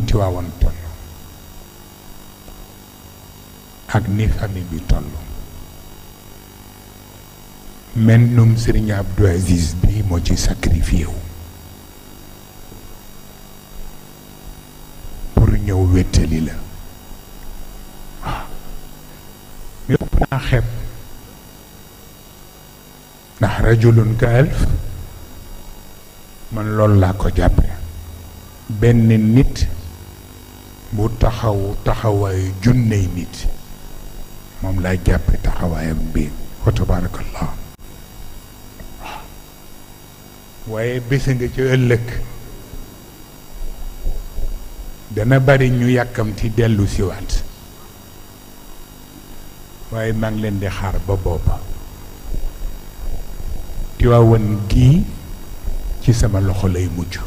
ni Tiwaawan toll ak ni famille bi toll mennum Serigne Abdou Aziz bi moo ci sacrifié wu pour ñëw wéttali la waaw naa xeeb ndax rajulun ka alf man loolu laa ko jàppe benn nit bu taxaw taxawaayu junney nit moom laa jàppe taxawaayam bi wa tabaarakallah waaye nga ci ëllëg dana bari ñu yàkkamti dellu siwaat waaye maa leen di xaar ba booba Tiwaawan gii ci sama loxo lay mujj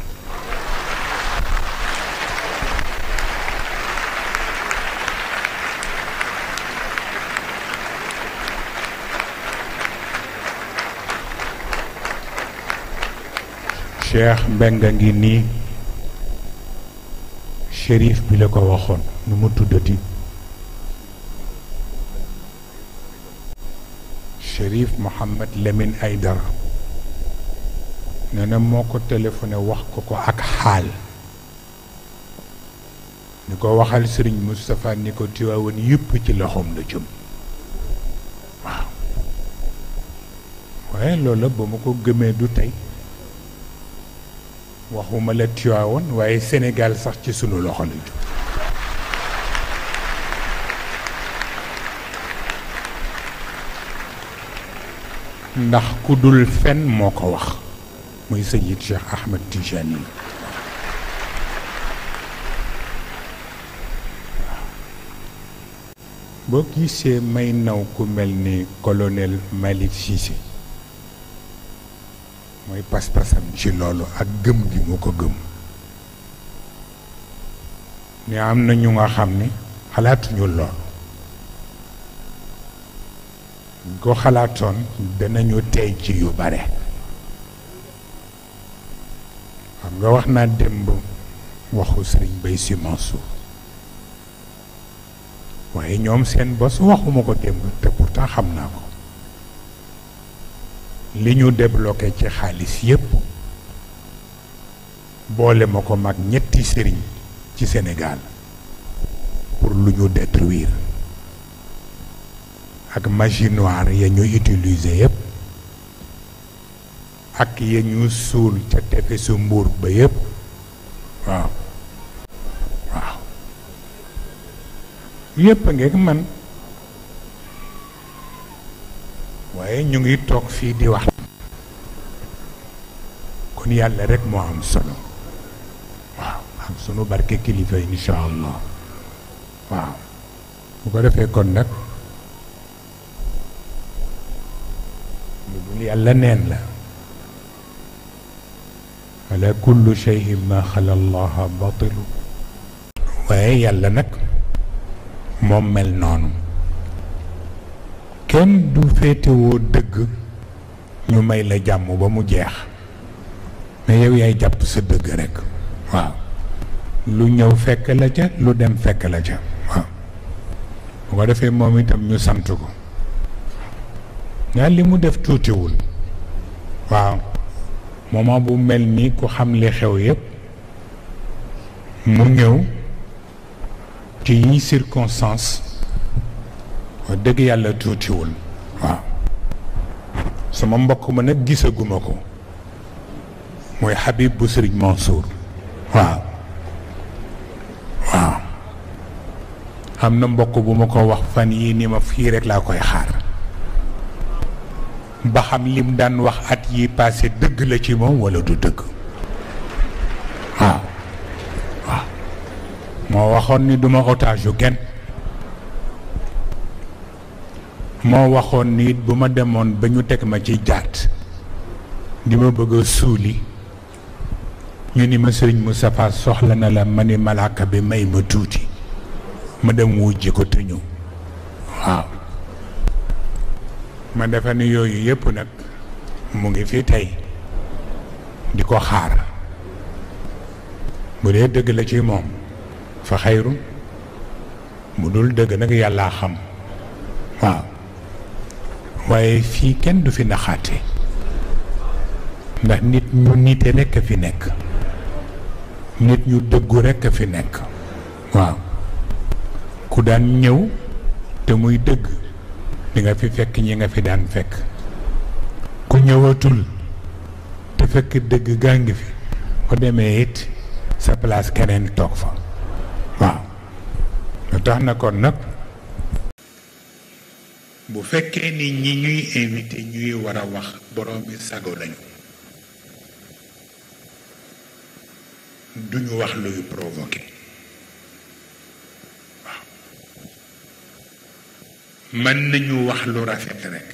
Cheikh Mbeng ngi nii shérif bi la ko waxoon nu mu tuddati shérif Mohammed Lamine Aydara nee na moo ko téléfoné wax ko ko ak xaal ni ko waxal sëriñ Moustapha ni ko Tiwaawan yëpp ci loxoom la jëm waaw waaye loolu ba ma ko gëmee du tey waxuma la Tiwaawoon waaye Sénégal sax ci sunu loxo la ndax ku dul fenn moo ko wax muy Seyid Cheikh Ahmed Tijani boo gisee may naw ku mel ni colonel Malick Cissé mooy pas-pasam ci loolu ak gëm gi mu ko gëm ne am na ñu nga xam ne xalaatuñu lool ko xalaatoon danañu tey ci yu bare xam nga wax naa démb waxu sëriñ Bay Si Mansour waaye ñoom seen bos waxuma ko démb te pourtant xam naa ko li ñu débloqué ci xaalis yépp boole ma ko mag ñetti sëriñ ci Sénégal pour lu ñu détruire ak magie ya ñu utiliser yépp ak ya ñu suul ca tefesu mbuur ba yépp waaw waaw yépp a ngeeg man waaye ñu ngi toog fii di wax kon yàlla rek moo am solo waaw sunu barke kilifa incha allah waaw bu ko defee kon nag lu dul yàlla neen la ala kullu cheyin ma xala allaha batilu waaye yàlla nag moom mel noonu kenn du féetewoo dëgg ñu may la jàmm ba mu jeex mais yow yaay jàpp sa dëgg rekk waaw lu ñëw fekk la ca lu dem fekk la ca waaw bu ko defee moom itam ñu sant ko nga li mu def tuutiwul waaw moment bu mel ni ku xam li xew yépp mu ñëw ci yi circonstance wax dëgg yàlla tuutiwul waaw sama mbokk ma nag gisaguma ko mooy Habib bu Sëriñ Mansour waaw waaw am na mbokk bu ma ko wax fan yii ni ma fii rek laa koy xaar ba xam lim daan wax at yi passé dëgg la ci moom walla du dëgg waaw waaw moo waxoon ni duma otage yu moo waxoon ni bu ma demoon ba ñu teg ma ci jaat di ma bëgg a suuli ñu ni ma sëriñ Moustapha soxla na la ma ni malaaka bi may ma tuuti ma dem wujji ko te ñëw waaw ma defe ni yooyu yëpp nag mu ngi fi tey di ko xaar bu dee dëgg la ci moom fa xayru mu dul dëgg nag yàllaa xam waaw waaye fii kenn du fi naxaate ndax nit ñu nite rekk a fi nekk nit ñu dëggu rekk a fi nekk waaw ku daan ñëw te muy dëgg di nga fi fekk ñi nga fi daan fekk ku ñëwatul te fekk dëgg gaa fi boo demee it sa place keneen toog fa waaw lu tax na kon nag bu fekkee ni ñi ñuy invité ñuy war a wax borom bi sago nañu duñu wax luy provoqué waaw mën nañu wax lu rafet rekk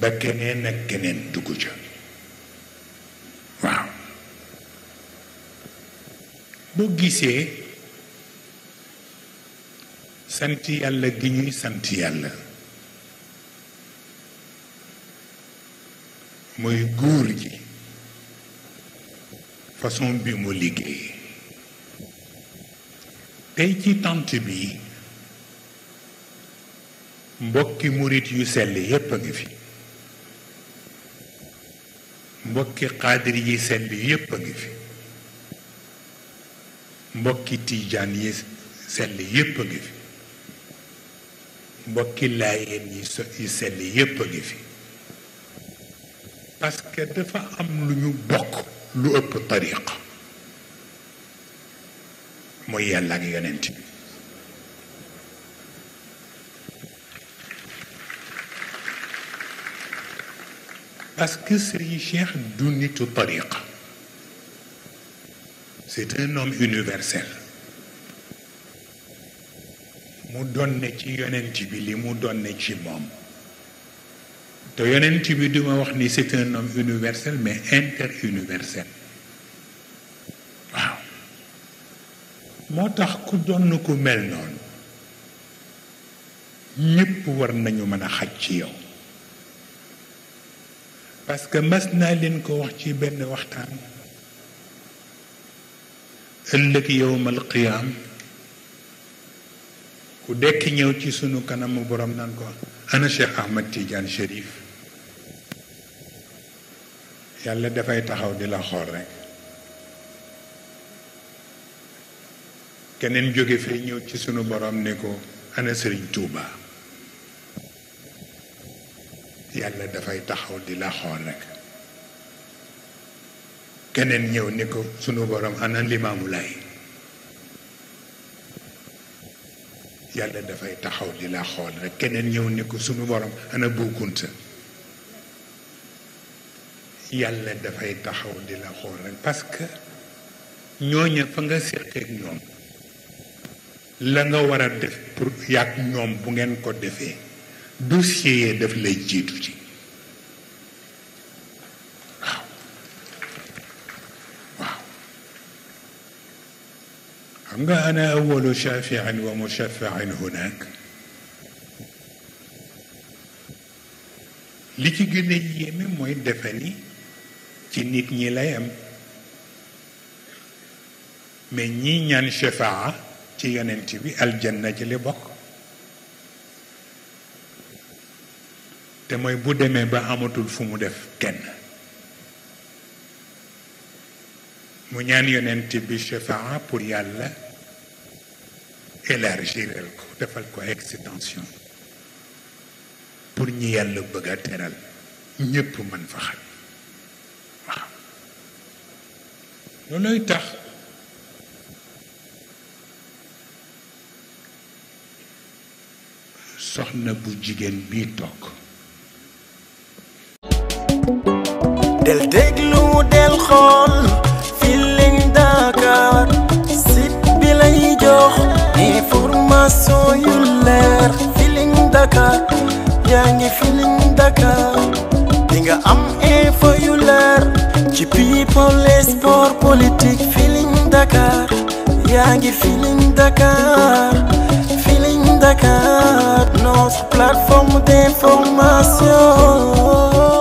ba keneen ak keneen dugg ca waaw boo gisee sant yàlla gi ñuy sant yàlla mooy góor gi façon bi mu liggéey tey ci tant bi mbokki murit yu sell yépp a ngi fi mbokki xaadir yi sell yépp a ngi fi mbokki tiijaan yi sell yépp a ngi fi mbokki laayeen yi so yi sell yépp a ngi fi parce que dafa am lu ñu bokk lu ëpp tariq mooy yàlla ak yonent bi Cheikh du nitu tariqa c'est un homme universel mu donne ci yonent bi li mu donne ci moom te yonent bi duma wax ni c'est un homme universel mais interuniversel waaw moo tax ku donn ku mel noonu ñépp war nañu mën a xaj ci yow parce que mas naa leen ko wax ci benn waxtaan ëllëg yowmal qiyaam ku dekk ñëw ci sunu kanamu borom naan ko ana Cheikh Ahmad Tidiane Chérif yàlla dafay taxaw di la xool rekk keneen jóge fee ñëw ci sunu borom ne ko ana yàlla dafay taxaw di la xool keneen ñëw ne ko sunu borom ana Limaamu Laay yàlla dafay taxaw di la xool rek keneen ñëw ne ko sunu borom ana buukunta yàlla dafay taxaw di la xool rek parce que ñooña fa nga séqeek ñoom la nga war a def pour yàgg ñoom bu ngeen ko defee dossier yee def lay jiitu ci xam nga ana awalu shafiin wa mushafain hunak li ci gën a yéeme mooy defe ni ci nit ñi lay am mais ñi ñaan shafaa ci yonent bi aljanna ji bokk te mooy bu demee ba amatul fu mu def kenn mu ñaan yonent bi chafaa pour yàlla élargiral ko defal ko extension pour ñi yàlla bëgg a teral ñépp mën fa xam waaw loolooy tax soxna bu jigéen bi toog del déglu del xool information yu leer Feeling yaa ngi Feeling Dakar di nga am info yaa ngi Feeling Dakar Feeling Dakar notre plateforme d'information